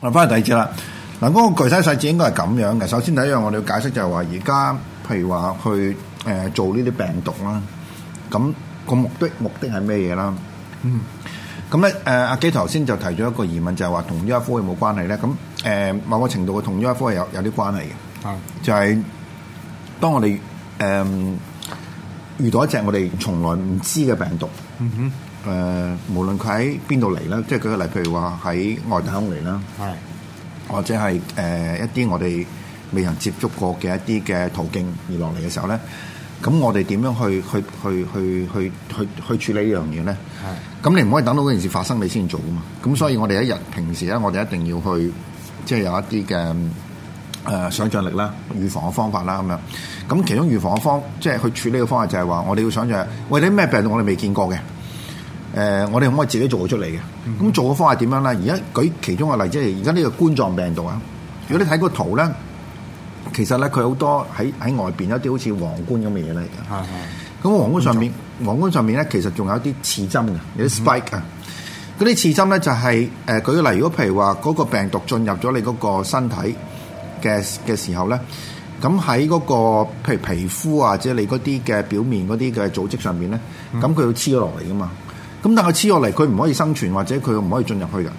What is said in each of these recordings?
嗱，翻嚟第二節啦。嗱，嗰個具體細節應該係咁樣嘅。首先第一樣我哋要解釋就係話，而家譬如話去誒、呃、做呢啲病毒啦，咁、那個目的目的係咩嘢啦？嗯。咁、呃、咧，誒阿基頭先就提咗一個疑問就，就係話同醫學科有冇關係咧？咁誒、呃，某個程度嘅同醫學科有有啲關係嘅，是的 就係當我哋誒、呃、遇到一隻我哋從來唔知嘅病毒。嗯哼。誒、呃，無論佢喺邊度嚟啦，即係舉個例，譬如話喺外太空嚟啦，或者係誒、呃、一啲我哋未曾接觸過嘅一啲嘅途徑而落嚟嘅時候咧，咁我哋點樣去去去去去去去處理呢樣嘢咧？咁你唔可以等到嗰件事發生你先做噶嘛？咁所以，我哋一日平時咧，我哋一定要去即係有一啲嘅誒想像力啦、預防嘅方法啦咁樣。咁其中預防嘅方，即係去處理嘅方法，就係話，我哋要想像，喂，你咩病我哋未見過嘅？誒、呃，我哋可唔可以自己做嘅出嚟嘅？咁、嗯、哼做嘅方法點樣咧？而家舉其中嘅例子，而家呢個冠狀病毒啊，如果你睇個圖咧，其實咧佢好多喺喺外邊有啲好似皇冠咁嘅嘢嚟嘅。咁、嗯、哼皇冠上面，蠢蠢皇冠上面咧，其實仲有啲刺針嘅，有啲 spike 啊。嗰啲、嗯、哼刺針咧就係、是、誒、呃、舉例，如果譬如話嗰個病毒進入咗你嗰個身體嘅嘅時候咧，咁喺嗰個譬如皮膚啊，即係你嗰啲嘅表面嗰啲嘅組織上面咧，咁佢要黐咗落嚟噶嘛。咁但係黐落嚟，佢唔可以生存，或者佢唔可以進入去㗎。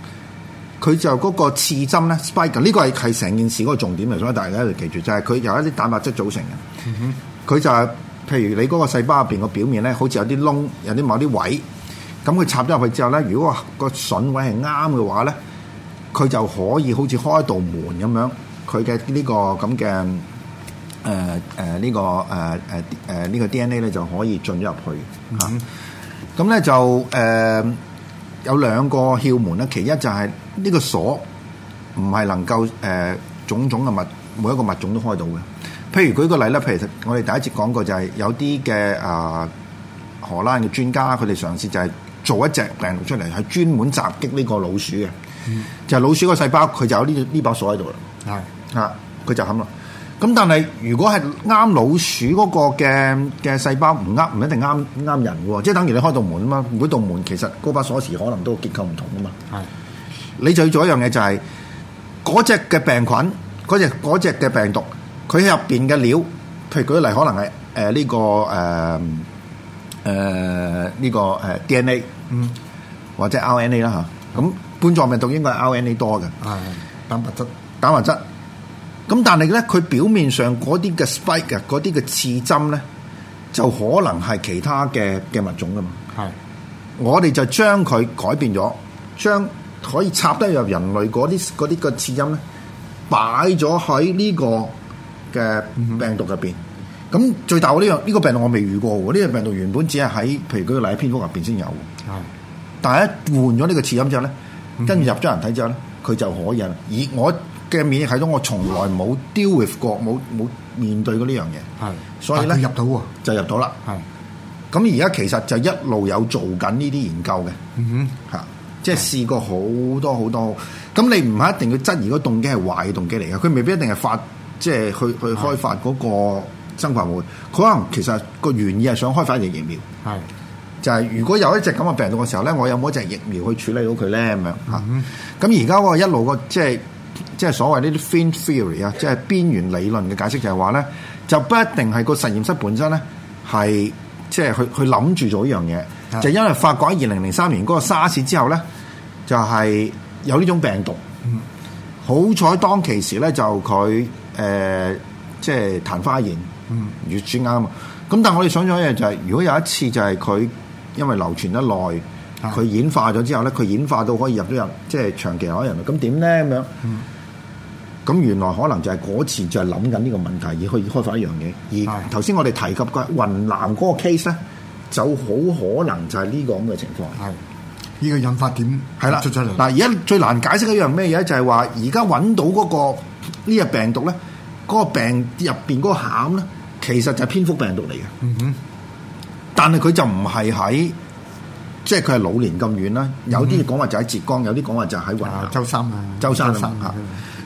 佢就嗰個刺針咧，spike 呢個係係成件事嗰個重點嚟，所以大家一定要記住，就係佢由一啲蛋白質組成嘅。佢、嗯、哼就係，譬如你嗰個細胞入邊個表面咧，好似有啲窿，有啲某啲位，咁佢插咗入去之後咧，如果個筍位係啱嘅話咧，佢就可以好似開一道門咁樣，佢嘅呢個咁嘅誒誒呢個誒誒誒呢個 DNA 咧就可以進咗入去吓。嗯咁咧就誒、呃、有兩個竅門咧，其一就係呢個鎖唔係能夠誒、呃、種種嘅物每一個物種都開到嘅。譬如舉個例咧，譬如其實我哋第一節講過就，就係有啲嘅啊荷蘭嘅專家，佢哋嘗試就係做一隻病毒出嚟，係專門襲擊呢個老鼠嘅。嗯、就老鼠個細胞，佢就有呢呢把鎖喺度啦。係是的 啊，佢就咁啦。咁但係如果係啱老鼠嗰個嘅嘅細胞唔啱，唔一定啱啱人喎，即係等於你開道門啊嘛，每道門其實嗰把鎖匙可能都結構唔同啊嘛。係的，你最咗一樣嘢就係嗰隻嘅病菌，嗰隻隻嘅病毒，佢喺入邊嘅料，譬如舉例，可能係誒呢個誒誒呢個誒 DNA，嗯，或者 RNA 啦嚇的，咁冠狀病毒應該係 RNA 多嘅，係蛋白質，蛋白質。咁但係咧，佢表面上嗰啲嘅 spike 嘅嗰啲嘅刺針咧，就可能係其他嘅嘅物種噶嘛。係，是的 我哋就將佢改變咗，將可以插得入人類嗰啲嗰啲嘅刺針咧，擺咗喺呢個嘅病毒入邊。咁、嗯、哼 最大嘅呢樣呢個病毒我未遇過喎，呢、這個病毒原本只係喺譬如嗰個例蝙蝠入邊先有。係，是的 但係一換咗呢個刺針之後咧，跟住入咗人體之後咧，佢就可以啦。而我嘅面喺度，我從來冇 deal with 過，冇冇面對過呢樣嘢。係，所以咧入到喎，就入到啦。係。咁而家其實就一路有做緊呢啲研究嘅。嗯哼，即係試過好多好多。咁你唔係一定要質疑個動機係壞嘅動機嚟嘅，佢未必一定係發即係、就是、去去開發嗰個生化武器。佢可能其實個原意係想開發一隻疫苗。係。就係如果有一隻咁嘅病毒嘅時候咧，我有冇一隻疫苗去處理到佢咧咁樣嚇？咁而家我一路個即係。就是即係所謂呢啲 fringe theory 啊，即係邊緣理論嘅解釋就，就係話咧就不一定係個實驗室本身咧係即係佢佢諗住做一樣嘢，是的 就因為發覺喺二零零三年嗰個沙士之後咧，就係、是、有呢種病毒。嗯、好彩當其時咧就佢、呃、即係曇花現，越轉啱啊！咁但係我哋想咗一樣就係、是，如果有一次就係佢因為流傳得耐，佢是的 演化咗之後咧，佢演化到可以入咗人，即、就、係、是、長期嗰人啊，咁點咧咁樣？嗯咁原來可能就係嗰次就係諗緊呢個問題而去開發一樣嘢，而頭先我哋提及過雲南嗰個 case 咧，就好可能就係呢個咁嘅情況。係呢個引發點係啦。嗱，而家最難解釋一樣咩嘢咧，就係話而家揾到嗰個呢個病毒咧，嗰個病入邊嗰個餡咧，其實就係蝙蝠病毒嚟嘅。嗯哼，但係佢就唔係喺，即係佢係老年咁遠啦。有啲講話就喺浙江，有啲講話就喺雲南。嗯、哼周三啊，周生生嚇。嗯哼嗯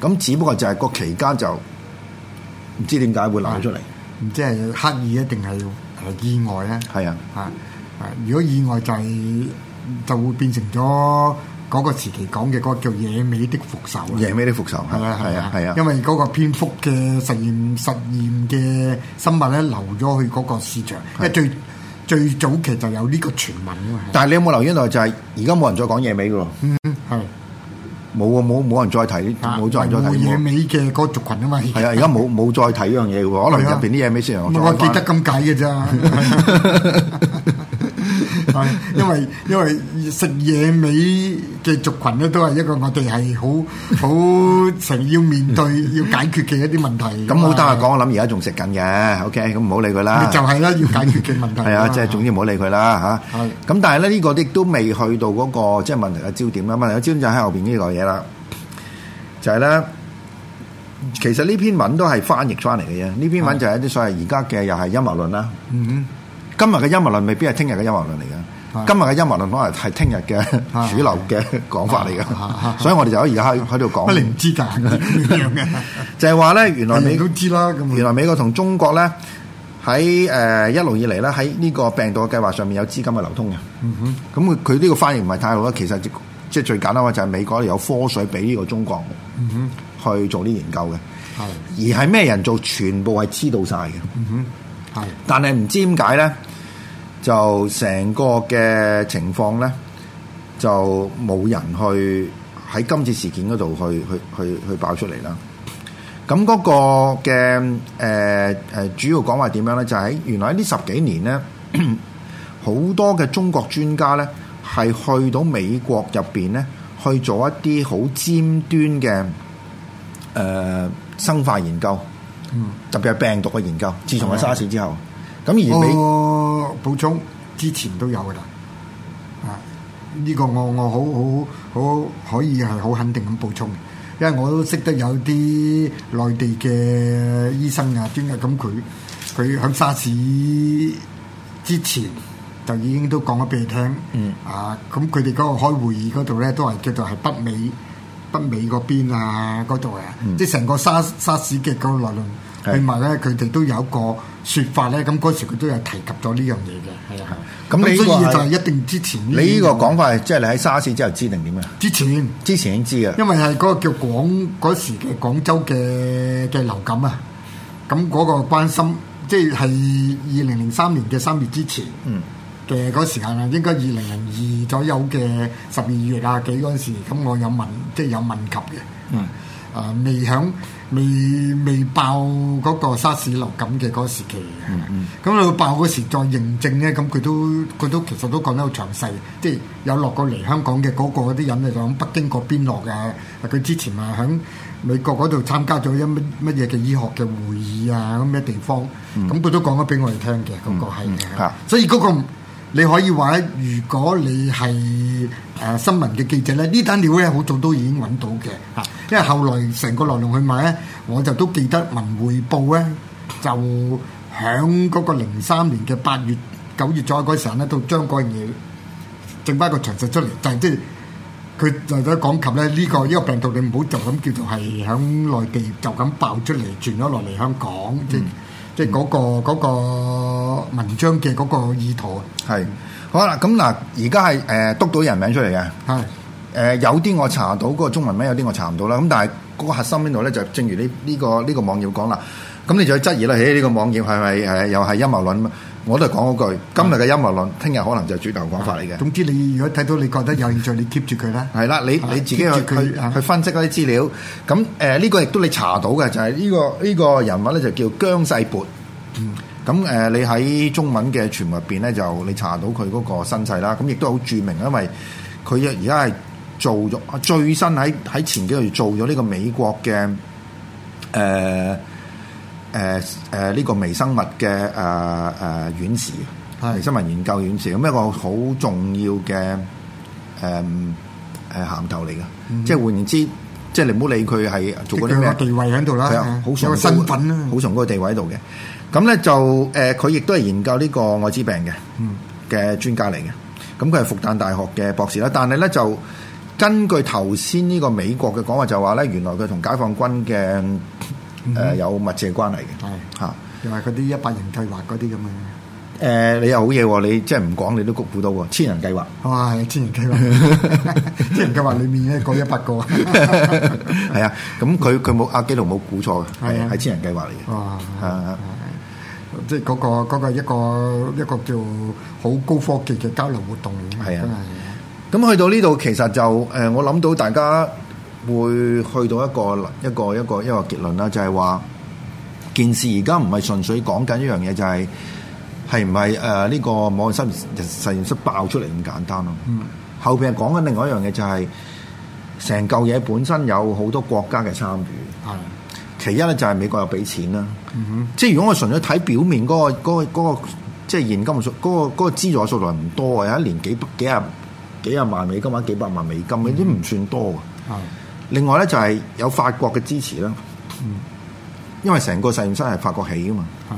咁只不過就係個期間就唔知點解會流出嚟，唔知係刻意一定係意外咧？係啊，啊，如果意外就係就會變成咗嗰個時期講嘅嗰個叫野味的復仇，野味的復仇。係啊係啊係啊，因為嗰個蝙蝠嘅實驗實驗嘅生物咧流咗去嗰個市場，因為最最早期就有呢個傳聞啊嘛。但係你有冇留意到就係而家冇人再講野味嘅喎？嗯，係。冇啊，冇冇人再提，冇再提、啊、野味嘅嗰個族群啊嘛，係啊，而家冇冇再提呢樣嘢嘅喎，可能入邊啲野味先。我記得咁解嘅咋。 係，因為因為食野味嘅族群咧，都係一個我哋係好好成要面對、要解決嘅一啲問題。咁好得呀講，我諗而家仲食緊嘅，OK，咁唔好理佢啦。就係啦，要解決嘅問題係啊，即係總之唔好理佢啦吓。係。咁但係咧呢個亦都未去到嗰個即係問題嘅焦點啦。問題嘅焦點就喺後邊呢個嘢啦，就係咧，其實呢篇文都係翻譯翻嚟嘅啫。呢篇文就係一啲所謂而家嘅又係陰謀論啦。嗯。今日嘅陰謀論未必係聽日嘅陰謀論嚟嘅，的今日嘅陰謀論可能係聽日嘅主流嘅講法嚟嘅，的所以我哋就而家喺度講的。你唔知㗎， 就係話咧，原來美國都知啦。原來美國同中國咧喺誒一路以嚟咧喺呢個病毒嘅計劃上面有資金嘅流通嘅。咁佢佢呢個翻譯唔係太好啦。其實即係最簡單話就係美國有科水俾呢個中國，去做啲研究嘅。而係咩人做，全部係知道晒嘅。嗯、是的，但係唔知點解咧？就成個嘅情況咧，就冇人去喺今次事件嗰度去去去去爆出嚟啦。咁嗰個嘅誒誒主要講話點樣咧？就喺、是、原來呢十幾年咧，好、嗯、多嘅中國專家咧係去到美國入邊咧，去做一啲好尖端嘅誒、呃、生化研究，嗯、特別係病毒嘅研究。自從喺沙士之後，咁、哦、而美。哦補充之前都有噶啦，啊，呢個我我好好好可以係好肯定咁補充，因為我都識得有啲內地嘅醫生啊、專家咁，佢佢喺沙士之前就已經都講咗俾你聽，嗯啊，咁佢哋嗰個開會議嗰度咧都係叫做係北美北美嗰邊啊嗰度啊，嗯、即係成個沙沙士嘅嗰個內容。係咪咧？佢哋都有一個説法咧。咁嗰時佢都有提及咗呢樣嘢嘅。係啊係，咁所以就係一定之前呢？你呢個講法係即係你喺沙士之後知定點啊？之前，之前已經知啊。因為係嗰個叫廣嗰時嘅廣州嘅嘅流感啊。咁嗰個關心，即係係二零零三年嘅三月之前。嗯。嘅嗰時間啊，應該二零零二左右嘅十二月啊幾嗰陣時，咁我有問，即係有問及嘅。嗯。啊、呃！未響，未未爆嗰個沙士流感嘅嗰個時期嘅，咁佢、mm hmm. 爆嗰時再認證咧，咁佢都佢都其實都講得好詳細，即係有落過嚟香港嘅嗰個嗰啲人咧，就喺北京嗰邊落嘅，佢之前啊喺美國嗰度參加咗一乜乜嘢嘅醫學嘅會議啊，咁咩地方，咁佢、mm hmm. 都講咗俾我哋聽嘅，嗰、那個係嘅，mm hmm. 所以嗰、那個。你可以話咧，如果你係誒、呃、新聞嘅記者咧，呢單料咧好早都已經揾到嘅嚇。因為後來成個來龍去脈咧，我就都記得文匯報咧就響嗰個零三年嘅八月、九月左右嗰時候咧，都將嗰樣嘢整翻個詳細出嚟，就係、是、即係佢就係講及咧呢、這個呢、這個病毒，你唔好就咁叫做係響內地就咁爆出嚟，傳咗落嚟香港即。嗯即係嗰個嗰個文章嘅嗰個意圖。係好啦，咁嗱，而家係誒篤到人名出嚟嘅。係誒有啲我查到嗰個中文名，有啲我查唔到啦。咁但係嗰個核心邊度咧，就正如呢呢個呢個網頁講啦。咁你就要質疑啦，誒呢個網頁係咪誒又係陰謀論？我都係講嗰句，今日嘅陰謀論，聽日可能就主流講法嚟嘅，啊。總之你，你如果睇到你覺得有興趣，嗯，你 keep 住佢啦。係啦，你你自己去去它分析嗰啲資料。咁、嗯、誒、呢、啊這個亦都你查到嘅，就係、是、呢、這個呢、這個人物咧，就叫姜世勃。嗯。咁誒、嗯，你喺中文嘅傳媒入邊咧，就你查到佢嗰個身世啦。咁亦都好著名，因為佢又而家係做咗最新喺喺前幾個月做咗呢個美國嘅誒。呃誒誒，呢、呃呃這個微生物嘅誒誒院士，是的 微生物研究院士，咁一個好重要嘅誒誒銜頭嚟嘅，嗯、即係換言之，即係你唔好理佢係做嗰啲咩地位喺度啦，好重嗰個身份啦、啊，好重嗰個地位喺度嘅。咁咧就誒，佢亦都係研究呢個愛滋病嘅，嘅、嗯、專家嚟嘅。咁佢係復旦大學嘅博士啦，但係咧就根據頭先呢個美國嘅講話就話咧，原來佢同解放軍嘅。誒，有密切關係嘅，吓，又係嗰啲一百人計劃嗰啲咁嘅。誒，你又好嘢，你即係唔講你都估估到，千人計劃。係，千人計劃，千人計劃裏面咧，講一百個。係啊，咁佢佢冇阿基諾冇估錯嘅，係啊，係千人計劃嚟嘅。啊，係，即係嗰個個一個一個叫好高科技嘅交流活動。係啊，咁去到呢度其實就誒，我諗到大家。會去到一個一個一個一個結論啦，就係話件事而家唔係純粹講緊一樣嘢，就係係唔係誒呢個武漢實驗室爆出嚟咁簡單咯？嗯，後邊係講緊另外一樣嘢，就係成嚿嘢本身有好多國家嘅參與。係，其一咧就係美國又俾錢啦。嗯哼，即係如果我純粹睇表面嗰個嗰個嗰個即係現金數嗰個嗰個資助數量唔多，有一年幾百幾廿幾廿萬美金或者幾百萬美金，嗰啲唔算多啊。另外咧就係有法國嘅支持啦，因為成個實驗室係法國起噶嘛。係的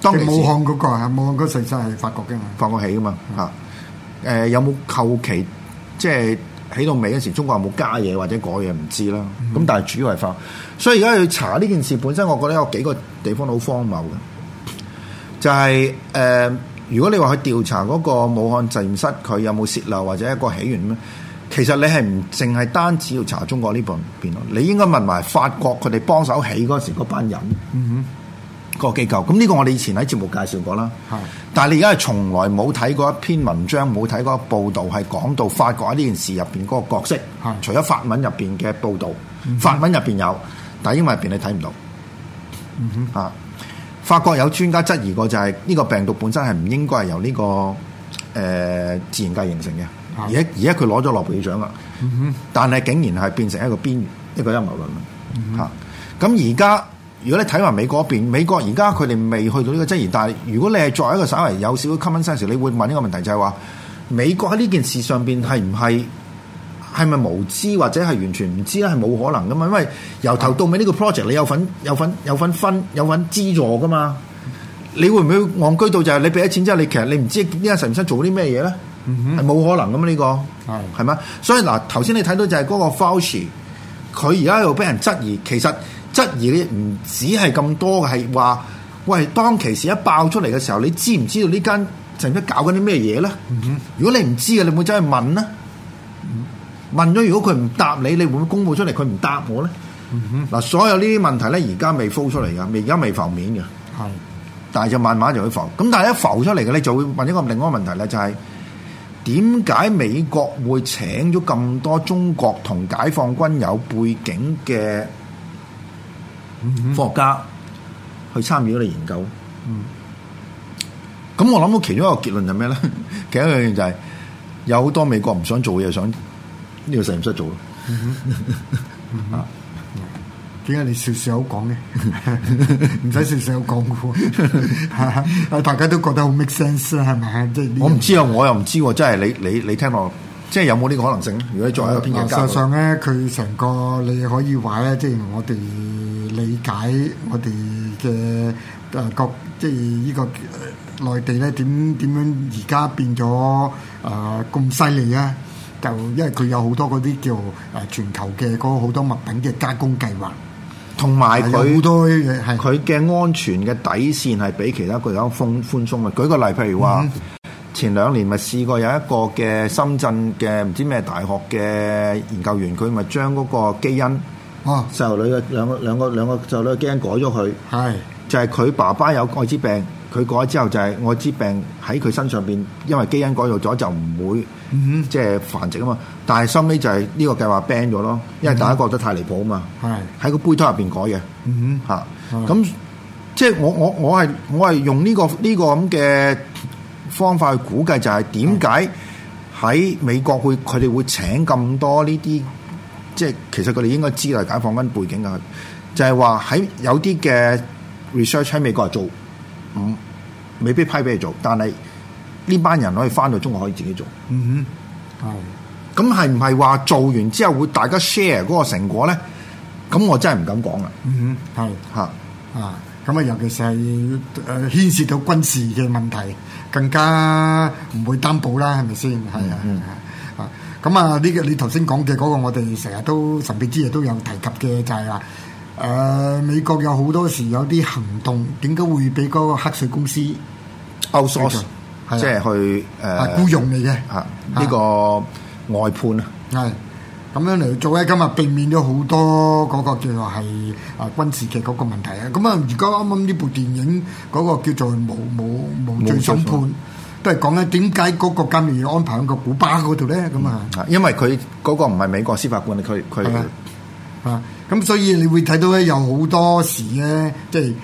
當時武漢嗰個係武漢嗰實驗室係法國嘅嘛，法國起噶嘛的有冇後期即係起到尾嗰時，中國有冇加嘢或者改嘢唔知啦。咁但係主要係法，的所以而家去查呢件事本身，我覺得有幾個地方好荒謬嘅，就係、是呃、如果你話去調查嗰個武漢實驗室，佢有冇泄漏或者一個起源咧？其實你係唔淨係單止要查中國呢部分咯，你應該問埋法國佢哋幫手起嗰時嗰班人，嗯、哼嗰個機構。咁呢個我哋以前喺節目介紹過啦。的但係你而家係從來冇睇過一篇文章，冇睇過個報導係講到法國喺呢件事入邊嗰個角色。的除咗法文入邊嘅報導，嗯、哼法文入邊有，但英文入邊你睇唔到。嗯、哼啊，法國有專家質疑過就係呢個病毒本身係唔應該係由呢、呢個誒、呃、自然界形成嘅。而而家佢攞咗諾貝爾獎啦，但係竟然係變成一個邊緣一個陰謀論啦嚇。咁而家如果你睇埋美國一邊，美國而家佢哋未去到呢個質疑，但係如果你係作為一個稍微有少少 common sense，你會問呢個問題就係話：美國喺呢件事上邊係唔係係咪無知或者係完全唔知咧？係冇可能噶嘛，因為由頭到尾呢個 project 你有份有份有份分有份資助噶嘛，你會唔會戇居到就係你俾咗錢之後，你其實你唔知呢間實驗室做啲咩嘢咧？嗯係冇可能噶嘛？呢、呢個係係嘛？所以嗱，頭先你睇到就係嗰個 Fauci，佢而家又俾人質疑。其實質疑咧唔止係咁多嘅，係話喂，當其時一爆出嚟嘅時候，你知唔知道這間呢間陣間搞緊啲咩嘢咧？嗯、哼如果你唔知嘅，你會走去問咧？嗯哼，問咗如果佢唔答你，你會唔會公布出嚟？佢唔答我咧？嗱、嗯哼，所有呢啲問題咧，而家未 f l 浮出嚟噶，而家未浮面嘅。係的，但係就慢慢就去浮。咁但係一浮出嚟嘅你就會問一個另外問題咧，就係、是。點解美國會請咗咁多中國同解放軍有背景嘅科學家去參與呢啲研究？咁、嗯、我諗到其中一個結論係咩咧？其中一個就係有好多美國唔想做嘢，想呢個實驗室做咯。嗯 點解你笑笑口講嘅？唔使笑笑口講嘅，係啊！大家都覺得好 make sense 啦，係咪？即係我唔知啊，我又唔知，即係你你你聽落，即係有冇呢個可能性咧？如果再有編劇交，事實上咧，佢成個你可以話咧，即係我哋理解我哋嘅誒國，即係呢個內地咧點點樣而家變咗誒咁犀利啊？就因為佢有好多嗰啲叫誒全球嘅嗰個好多物品嘅加工計劃。同埋佢佢嘅安全嘅底線係比其他國家寬寬鬆嘅。舉個例，譬如話，前兩年咪試過有一個嘅深圳嘅唔知咩大學嘅研究員，佢咪將嗰個基因，啊、細路女嘅兩個兩個兩個細路女嘅基因改咗佢，係。就係佢爸爸有愛滋病，佢改之後就係愛滋病喺佢身上邊，因為基因改造咗就唔會即係繁殖啊嘛。嗯、哼但係收尾就係呢個計劃 ban 咗咯，因為大家覺得太離譜啊嘛。係喺、嗯、哼的個胚胎入邊改嘅，嚇咁即係我我我係我係用呢、呢個呢、呢個咁嘅方法去估計，就係點解喺美國會佢哋會請咁多呢啲，即、就、係、是、其實佢哋應該知道解放軍背景啊，就係話喺有啲嘅。research 喺美國嚟做，嗯，未必派俾你做，但係呢班人可以翻到中國可以自己做，嗯哼，係，咁係唔係話做完之後會大家 share 嗰個成果咧？咁我真係唔敢講啦，嗯哼，係，嚇是，啊，咁啊，尤其是係誒牽涉到軍事嘅問題，更加唔會擔保啦，係咪先？係啊，嗯嗯啊，咁啊，呢個你頭先講嘅嗰個，我哋成日都神秘之夜都有提及嘅，就係話。誒、呃、美國有好多時有啲行動，點解會俾嗰個黑水公司 outsource，即係去誒僱傭你嘅？嚇、呃、呢個外判啊，係咁樣嚟做咧，今日避免咗好多嗰個叫做係啊軍事嘅嗰個問題啊。咁啊，而家啱啱呢部電影嗰個叫做冇冇冇罪審判，判都係講咧點解嗰個監獄要安排喺個古巴嗰度咧？咁啊、嗯，咁因為佢嗰個唔係美國司法管理區區啊。咁所以你會睇到咧，有好多時咧，即係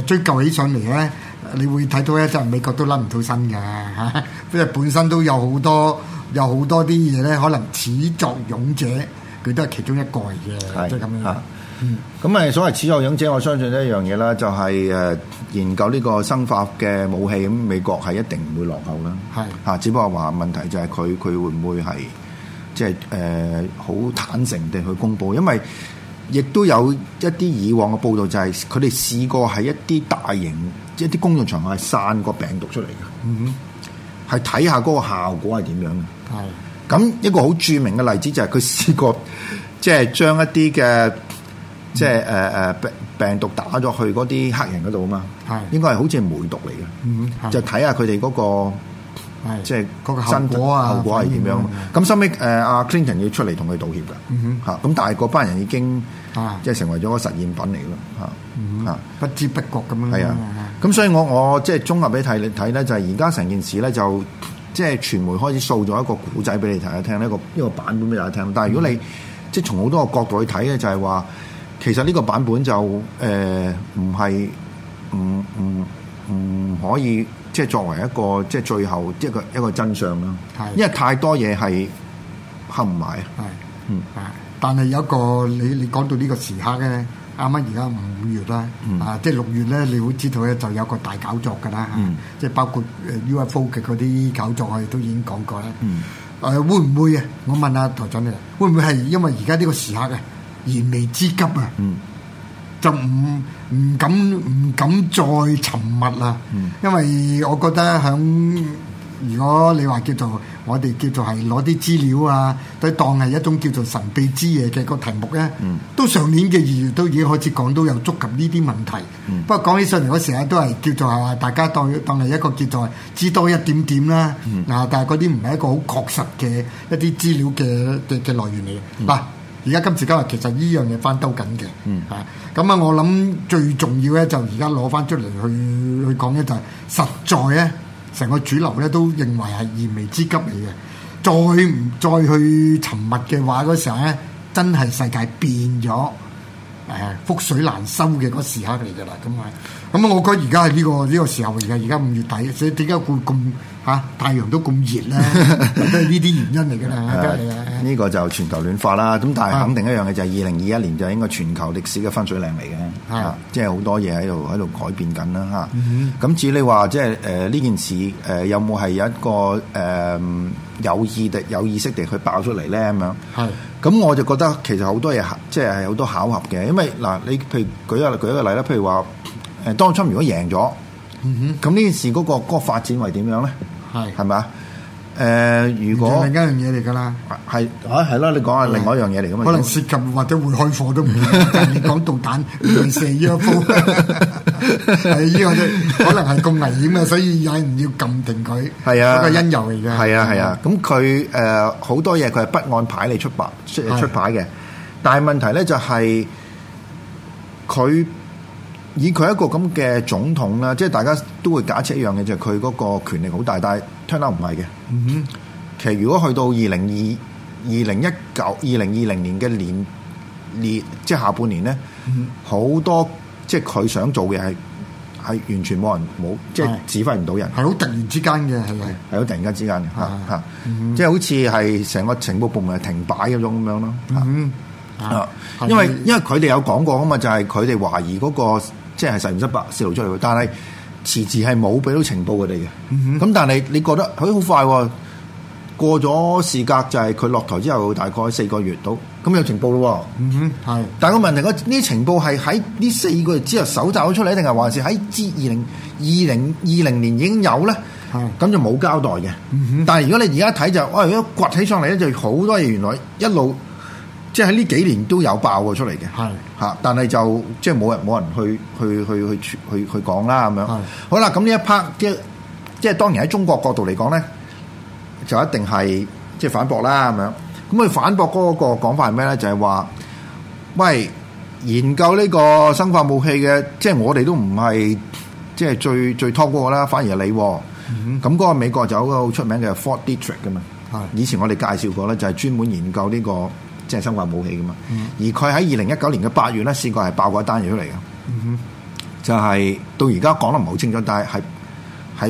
誒追究起上嚟咧，你會睇到咧，就係美國都甩唔到身嘅嚇，因為本身都有好多有好多啲嘢咧，可能始作俑者佢都係其中一個嚟嘅，即係咁樣。啊、嗯，咁誒所謂始作俑者，我相信一樣嘢啦，就係誒研究呢個生化嘅武器，咁美國係一定唔會落後啦。係嚇是、啊，只不過話問題就係佢佢會唔會係？即係誒好坦誠地去公布，因為亦都有一啲以往嘅報道，就係佢哋試過喺一啲大型一啲公共場合係散個病毒出嚟嘅，嗯哼，係睇下嗰個效果係點樣嘅。係的，咁一個好著名嘅例子就係佢試過即係將一啲嘅即係誒誒病病毒打咗去嗰啲黑人嗰度啊嘛，係的應該係好似梅毒嚟嘅，嗯、哼就睇下佢哋嗰個。係，即係個後果啊，後果係點樣？咁收尾誒，阿、啊、Clinton 要出嚟同佢道歉㗎。嚇、嗯，咁但係嗰班人已經即係成為咗個實驗品嚟咯。嚇嚇、啊，嗯、不知不覺咁樣。係啊，咁所以我我即係綜合俾你睇咧，就係而家成件事咧，就即、是、係傳媒開始掃咗一個古仔俾你聽，一個一個版本俾大家聽。但係如果你、嗯、即係從好多個角度去睇咧，就係、是、話其實呢個版本就誒唔係唔唔唔可以。即係作為一個即係最後一個一個真相啦，是因為太多嘢係合唔埋啊。係是，嗯，係。但係有一個你你講到呢個時刻嘅咧，啱啱而家五月啦，嗯、啊，即係六月咧，你會知道咧就有個大搞作㗎啦。嗯、啊，即係包括誒 UFO 嘅嗰啲搞作，我哋都已經講過咧。嗯、呃，誒會唔會啊？我問阿台長你會唔會係因為而家呢個時刻嘅燃眉之急啊？嗯。就唔唔敢唔敢再沉默啦，嗯、因為我覺得響如果你話叫做我哋叫做係攞啲資料啊，都當係一種叫做神秘之夜嘅個題目咧，嗯、都上年嘅二月都已經開始講到有觸及呢啲問題。嗯、不過講起上嚟，我成日都係叫做係大家當當係一個叫做知多一點點啦。嗱、嗯，但係嗰啲唔係一個好確實嘅一啲資料嘅嘅嘅來源嚟。嗱、嗯。啊而家今時今日其實呢樣嘢翻兜緊嘅，嚇咁、嗯、啊！我諗最重要咧就而家攞翻出嚟去去講咧，就係實在咧，成個主流咧都認為係燃眉之急嚟嘅，再唔再去沉默嘅話，嗰時候咧真係世界變咗。誒、啊、覆水難收嘅嗰時刻嚟嘅啦，咁啊，咁我覺得而家係呢個呢、呢個時候嚟嘅，而家五月底，所以點解會咁嚇、啊、太陽都咁熱咧？ 都係呢啲原因嚟嘅啦。呢個就全球暖化啦，咁但係肯定一樣嘅就係二零二一年就係應該全球歷史嘅分水嶺嚟嘅，即係好多嘢喺度喺度改變緊啦，嚇、啊。咁、嗯、至於你話即係誒呢件事誒、呃、有冇係有一個誒、呃、有意地有意識地去爆出嚟咧咁樣？係。咁我就覺得其實好多嘢，即係好多巧合嘅，因為嗱，你譬如舉，舉一個例啦，譬如話當初如果贏咗，咁呢、嗯、哼件事嗰、那個嗰發展為點樣咧？係咪啊？誒、呃，如果另一樣嘢嚟噶啦，係啊，係啦，你講係另外一樣嘢嚟噶嘛？可能涉及或者會開火都唔定 但係你講導彈射，呢個可能係咁危險嘅，所以有人要撳停佢，係啊的，個因由嚟嘅。係啊，係啊，咁佢誒好多嘢，佢係不按牌嚟出牌出牌嘅的，但係問題咧就係、是、佢。以佢一個咁嘅總統啦，即係大家都會假設一樣嘅，就係佢嗰個權力好大，但係 turn up 唔係嘅。嗯、哼其實如果去到二零二二零一九二零二零年嘅年年，即係下半年咧，好、嗯、哼多即係佢想做嘅係係完全冇人冇，即係指揮唔到人，係好突然之間嘅，係咪？係好突然間之間嘅嚇嚇，即係好似係成個情報部門係停擺嗰種咁樣咯、嗯哼的。因為因為佢哋有講過啊嘛，就係佢哋懷疑嗰、那個。即係實驗室泄露出嚟嘅，但係遲遲係冇俾到情報佢哋嘅。咁、mm hmm. 但係你覺得佢好快、哦、過咗時隔，就係佢落台之後大概四個月到，咁有情報咯、哦。嗯哼、mm，係、hmm.。但個問題係，嗰啲情報係喺呢四個月之後蒐集出嚟，定係還是喺至二零二零二零年已經有咧？係、mm。咁、hmm. 就冇交代嘅。Mm hmm. 但係如果你而家睇就，哇、哎！如果掘起上嚟咧，就好多嘢原來一路。即係呢幾年都有爆過出嚟嘅，是的 但係就即係冇人冇人去去去去去講啦咁樣。是的 好啦，咁呢一 part 即即係當然喺中國角度嚟講咧，就一定係即係反駁啦咁樣。咁佢反駁嗰個講法係咩咧？就係、是、話，喂，研究呢個生化武器嘅，即係我哋都唔係即係最最 top 嗰個啦，反而係你、喔。咁嗰、嗯嗯、個美國就有一個好出名嘅 Fort Detrick 嘛。是的 以前我哋介紹過咧，就係專門研究呢、這個即係生化武器噶嘛，而佢喺二零一九年嘅八月咧，試過係爆過一單嘢出嚟嘅，就係、是、到而家講得唔係好清楚，但係係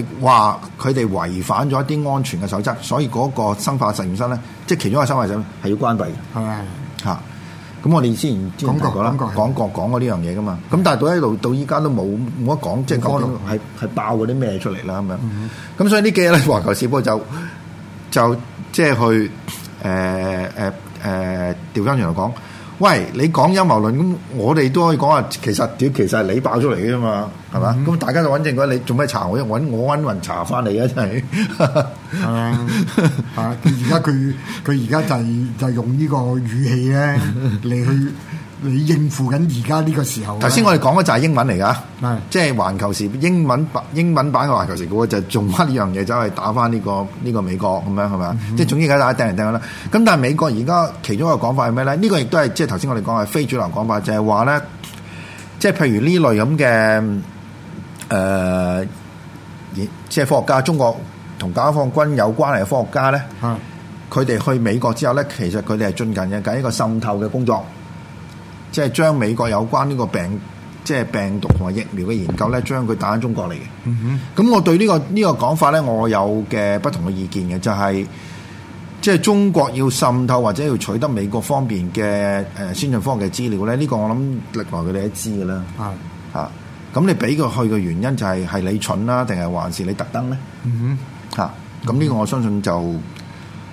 係話佢哋違反咗一啲安全嘅守則，所以嗰個生化實驗室咧，即係其中一個生化實驗室係要關閉嘅。係啊吧，嚇！咁我哋之前講過講過講過講過呢樣嘢噶嘛？咁的但係到一度的到依家都冇冇得講，即係講係係爆嗰啲咩出嚟啦咁樣。咁、嗯、哼所以這幾呢幾日咧，環球時報就就即係去誒誒。呃呃誒調翻轉嚟講，喂，你講陰謀論咁，我哋都可以講下。其實屌，其實係你爆出嚟嘅啫嘛，係嘛？咁、嗯、大家就揾證據，你做咩查我？又揾我揾人查翻嚟啊！真係啊！而家佢佢而家就係、就係、用呢個語氣咧 你去你應付緊而家呢個時候。頭先我哋講嘅就係英文嚟㗎，是即係環球時英文版英文版嘅環球時報就係、是、做乜呢樣嘢，走、就、去、是、打翻呢、這個呢、這個美國咁樣係咪？即係總之而家打掟嚟掟去啦。咁但係美國而家其中一個講法係咩咧？呢、呢個亦都係即係頭先我哋講係非主流講法，就係話咧，即係譬如呢類咁嘅誒，即係科學家，中國同解放軍有關係嘅科學家咧，佢哋是去美國之後咧，其實佢哋係進行緊一個滲透嘅工作。即係將美國有關呢個病，即係病毒同埋疫苗嘅研究咧，將佢打喺中國嚟嘅。嗯哼、mm，咁、hmm. 我對、這個這個、法呢個呢個講法咧，我有嘅不同嘅意見嘅、就是，就係即係中國要滲透或者要取得美國方面嘅誒先進科學嘅資料咧，呢、這個我諗歷來佢哋都知噶啦。Mm hmm. 啊咁你俾佢去嘅原因就係、是、係你蠢啦，定係還是你特登咧？吓、mm，咁、hmm. 呢、啊、個我相信就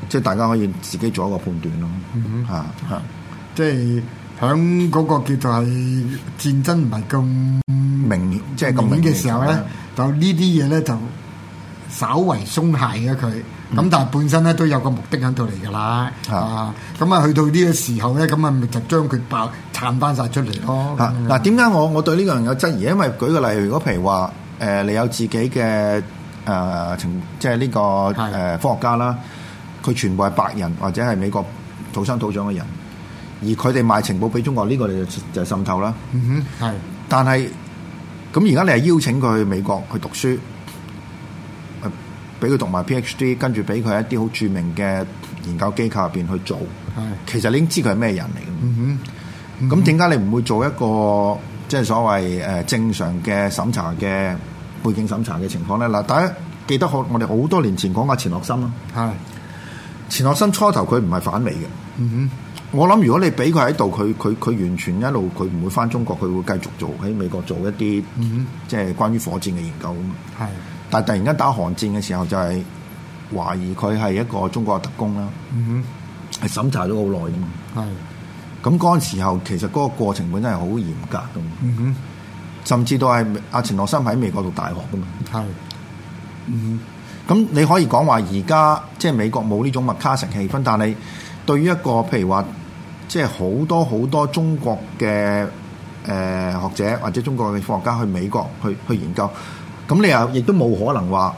即係大家可以自己做一個判斷咯。嗯哼、mm，吓、hmm. 吓、啊啊，即係。喺嗰個叫做係戰爭唔係咁明顯，即係咁樣嘅時候咧的，就呢啲嘢咧就稍為鬆懈咗佢，咁、嗯、但係本身咧都有一個目的喺度嚟㗎啦。的啊，咁啊去到呢個時候咧，咁啊咪就將佢爆撐翻晒出嚟咯。嗱的，點解樣我我對呢個人有質疑？因為舉個例，如果譬如話，誒、呃、你有自己嘅誒，從、呃、即係呢、這個誒的、呃、科學家啦，佢全部係白人或者係美國土生土長嘅人。而佢哋賣情報俾中國，呢個就就滲透啦。嗯哼，係。但係咁而家你係邀請佢去美國去讀書，俾佢讀埋 PhD，跟住俾佢一啲好著名嘅研究機構入邊去做。係。其實你已經知佢係咩人嚟嘅。嗯哼。咁點解你唔會做一個即係所謂誒正常嘅審查嘅背景審查嘅情況咧？嗱，大家記得好，我哋好多年前講阿錢學森咯。係。錢學森初頭佢唔係反美嘅。嗯哼。我諗如果你俾佢喺度，佢佢佢完全一路佢唔會翻中國，佢會繼續做喺美國做一啲、嗯、哼即係關於火箭嘅研究啊，係，的但係突然間打韓戰嘅時候，就係、是、懷疑佢係一個中國嘅特工啦。嗯、哼，係審查咗好耐嘅嘛。係的，咁嗰個時候其實嗰個過程本身係好嚴格嘅嘛。嗯、哼，甚至都係阿陳洛生喺美國讀大學嘅嘛。係的。嗯哼，咁你可以講話而家即係美國冇呢種麥卡錫氣氛，但係對於一個譬如話，即係好多好多中國嘅誒、呃、學者或者中國嘅科學家去美國去去研究，咁你又亦都冇可能話，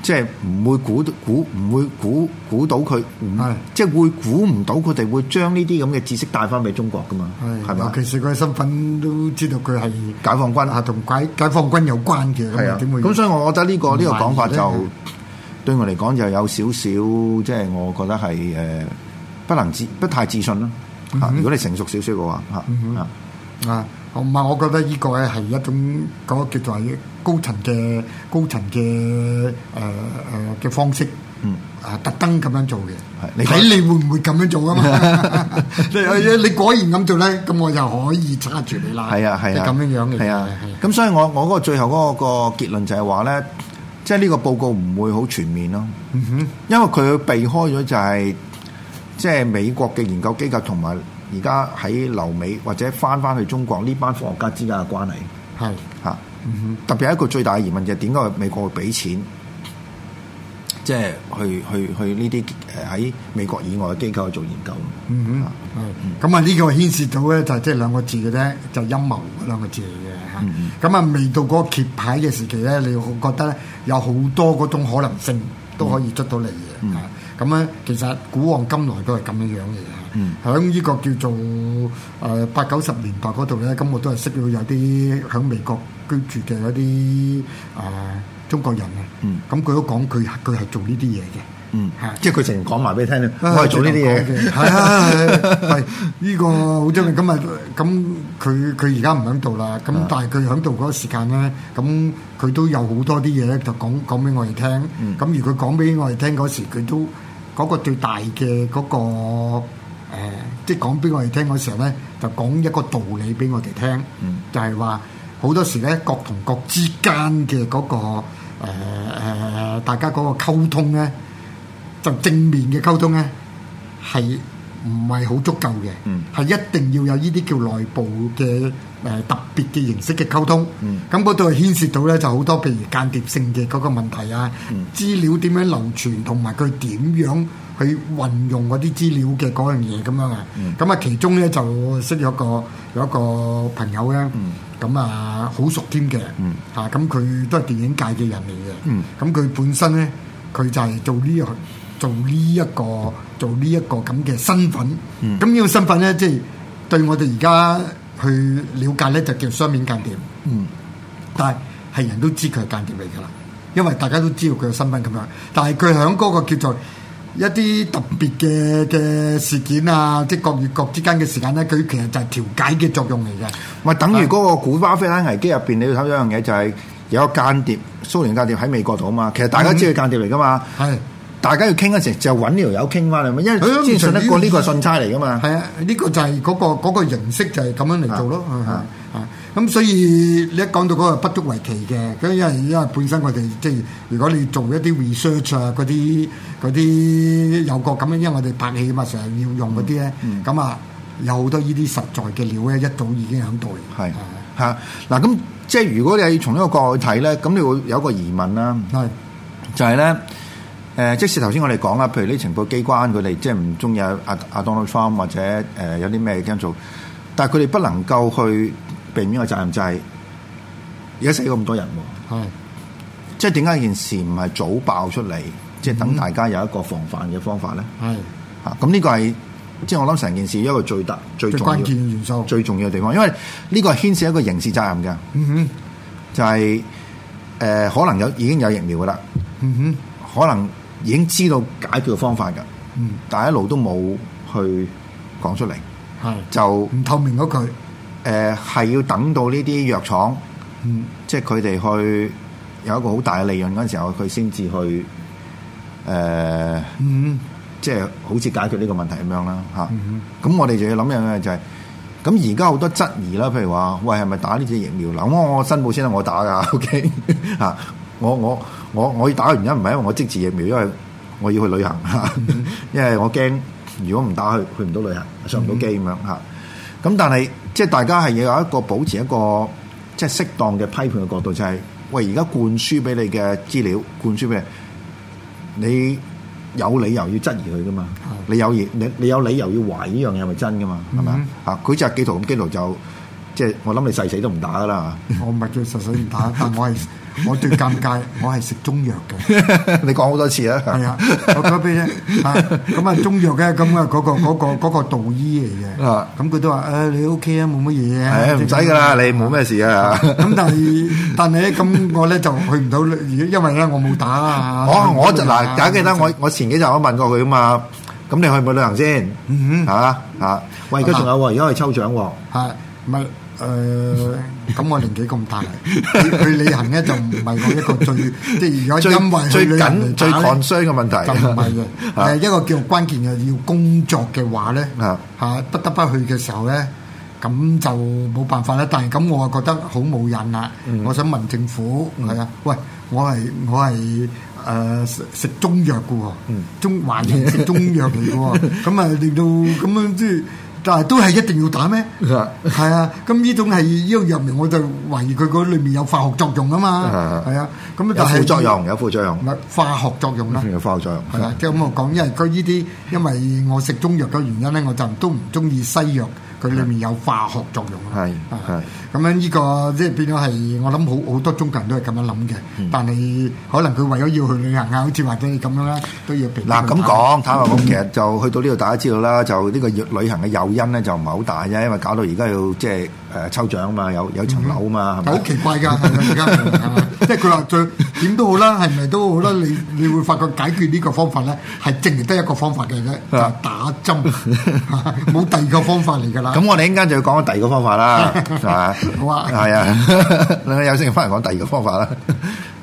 即係唔會估估唔會估估到佢，是的 即係會估唔到佢哋會將呢啲咁嘅知識帶翻俾中國噶嘛？係嘛的？吧尤其是佢身份都知道佢係解放軍呀，同解解放軍有關嘅，點的會？咁所以我覺得呢、這個呢、這個講法就對我嚟講就有少少，即、就、係、是、我覺得係誒、呃、不能自不太自信咯。如果你成熟少少嘅話，啊啊，唔係，我覺得呢個咧係一種個叫做係高層嘅高層嘅誒誒嘅方式，嗯啊，特登咁樣做嘅，你睇你會唔會咁樣做啊？嘛，你果然咁做咧，咁我就可以揸住你啦。係啊係啊，咁樣樣嘅。係啊係啊。咁所以，我我個最後嗰個結論就係話咧，即係呢個報告唔會好全面咯。哼，因為佢避開咗就係。即係美國嘅研究機構同埋而家喺留美或者返返去中國呢班科學家之間嘅關係，係嚇，特別係一個最大嘅疑問就係點解美國會俾錢，即係是去去去呢啲誒喺美國以外嘅機構去做研究？咁、嗯、哼啊呢是、嗯、個牽涉到咧就係即係兩個字嘅啫，就是、陰謀兩個字嚟嘅嚇。咁啊未到嗰個揭牌嘅時期咧，你會覺得咧有好多嗰種可能性都可以出到嚟嘅。嗯哼嗯咁咧，其實古往今來都係咁樣樣嘅。喺依個叫做誒八九十年代嗰度咧，咁我都係識到有啲喺美國居住嘅一啲誒中國人啊。咁佢都講佢佢係做呢啲嘢嘅。嚇，即係佢成日講埋俾你聽，我係做呢啲嘢嘅。係啊，係依個好中意。今日咁佢佢而家唔喺度啦。咁但係佢喺度嗰個時間咧，咁佢都有好多啲嘢咧，就講講俾我哋聽。咁如果講俾我哋聽嗰時，佢都嗰個最大嘅嗰個誒，即係講俾我哋聽嗰時候咧，就講一個道理俾我哋聽，嗯，就係話好多時咧，各同各之間嘅嗰個誒誒，大家嗰個溝通咧，就正面嘅溝通咧，係唔係好足夠嘅？嗯，係一定要有呢啲叫內部嘅。誒特別嘅形式嘅溝通，咁嗰度牽涉到咧就好多，譬如間諜性嘅嗰個問題啊，嗯、資料點樣流傳同埋佢點樣去運用嗰啲資料嘅嗰樣嘢咁樣啊，咁啊、嗯、其中咧就識咗個有一個朋友咧，咁啊好熟添嘅，嚇咁佢都係電影界嘅人嚟嘅，咁佢、嗯、本身咧佢就係做呢、呢個做呢、呢、一個做呢一個咁嘅身份，咁呢、嗯、個身份咧即係對我哋而家。去了解咧就叫雙面間諜，嗯，但係係人都知佢係間諜嚟噶啦，因為大家都知道佢嘅身份咁樣。但係佢喺嗰個叫做一啲特別嘅嘅事件啊，即國與國之間嘅時間咧，佢其實就係調解嘅作用嚟嘅。咪、嗯、等於嗰個古巴飛彈危機入邊，你要睇一樣嘢就係有一間諜，蘇聯間諜喺美國度啊嘛。其實大家知佢間諜嚟噶嘛。係、嗯。大家要傾嗰時候就揾呢條友傾翻啦，因為佢相信得過呢個信差嚟噶嘛。係啊，呢、呢個就係嗰、嗰個嗰個形式就係咁樣嚟做咯。啊咁、啊啊、所以你一講到嗰個不足為奇嘅，因為因為本身我哋即係如果你做一啲 research 啊，嗰啲嗰啲有個咁樣，因為我哋拍戲啊嘛，成日要用嗰啲咧，咁啊、嗯嗯、有好多呢啲實在嘅料咧，一早已經喺度。係係啊，嗱咁、啊、即係如果你係從呢個角度去睇咧，咁你會有一個疑問啦、啊，是就係咧。嗯誒，即使頭先我哋講啦，譬如啲情報機關佢哋即係唔中意阿阿 Donald Trump 或者誒、呃、有啲咩嘢咁做，但係佢哋不能夠去避免個責任、就是，就係而家死咗咁多人喎。是的 即係點解件事唔係早爆出嚟，嗯、即係等大家有一個防範嘅方法咧？係是的 啊，咁呢個係即係我諗成件事一個最大最關鍵最重要嘅地方，因為呢個係牽涉一個刑事責任㗎。嗯、哼就係、是、誒、呃、可能有已經有疫苗㗎啦。嗯、哼，可能。已經知道解決方法㗎，但係一路都冇去講出嚟，係的就唔透明嗰句，誒係、呃、要等到呢啲藥廠，嗯、即係佢哋去有一個好大嘅利潤嗰陣時候，佢先至去誒，呃嗯、即係好似解決呢個問題咁樣啦嚇。咁、嗯哼啊、我哋就要諗嘢嘅就係，咁而家好多質疑啦，譬如話，喂係咪打呢隻疫苗？嗱、啊，我新抱先係我打㗎，OK 嚇、啊，我我。我我要打嘅原因唔係因為我即時疫苗，因為我要去旅行，因為我驚如果唔打去去唔到旅行，上唔到機咁樣嚇。咁、嗯、但係即係大家係要有一個保持一個即係適當嘅批判嘅角度，就係、是、喂而家灌輸俾你嘅資料，灌輸俾你，你你有理由要質疑佢噶嘛？你有嘢，你你有理由要懷疑呢樣嘢係咪真噶嘛？係嘛？嚇、嗯！佢就係紀陶，咁紀陶就。即係我諗你誓死都唔打噶啦，我唔係叫誓死唔打，但我係我最尷尬，我係食中藥嘅。你講好多次啊，係啊，我講俾你，咁啊中藥嘅咁啊嗰個嗰個嗰個導醫嚟嘅，咁佢都話誒你 OK 啊，冇乜嘢啊，係啊，唔使噶啦，你冇咩事啊。咁但係但係咧，咁我咧就去唔到，而因為咧我冇打啊。我我就嗱，記唔記得我我前幾集我問過佢啊嘛，咁你去唔去旅行先？嚇嚇，喂而家仲有喎，而家係抽獎喎，係唔係？誒，咁、呃、我年紀咁大 去旅行咧，就唔係我一個最即係而家因為最緊最寒傷嘅問題，唔係嘅，誒 一個叫關鍵嘅要工作嘅話咧，吓、 啊、不得不去嘅時候咧，咁就冇辦法啦。但係咁我覺得好冇癮啊！嗯、我想問政府係啊，喂，我係我係誒、呃、食中藥嘅喎，嗯、中完全食中藥嚟嘅，咁啊 令到咁樣即係。但係都係一定要打咩？係 啊，咁呢種係呢個藥名，我就懷疑佢嗰裏面有化學作用啊嘛。係 啊，咁但係有副作用，有副作用。化學作用啦，有化學作用。係啊，即係咁我講，因為佢呢啲，因為我食中藥嘅原因咧，我就都唔鍾意西藥。佢裏面有化學作用啊！係係咁樣呢個即係變咗係，我諗好好多中國人都係咁樣諗嘅。但係可能佢為咗要去旅行啊，好似或者咁樣啦，都要平。嗱咁講，坦白講，其實就去到呢度，大家知道啦，就呢個旅行嘅誘因咧，就唔係好大啫。因為搞到而家要即係誒抽獎啊嘛，有有層樓啊嘛，係咪？好奇怪㗎！即係佢話最點都好啦，係咪都好啦？你你會發覺解決呢個方法咧，係淨係得一個方法嘅啫，就係打針，冇第二個方法嚟㗎啦。咁我哋陣間就要講第二個方法啦，係嘛 吧？係啊，是啊 有聲氣翻嚟講第二個方法啦。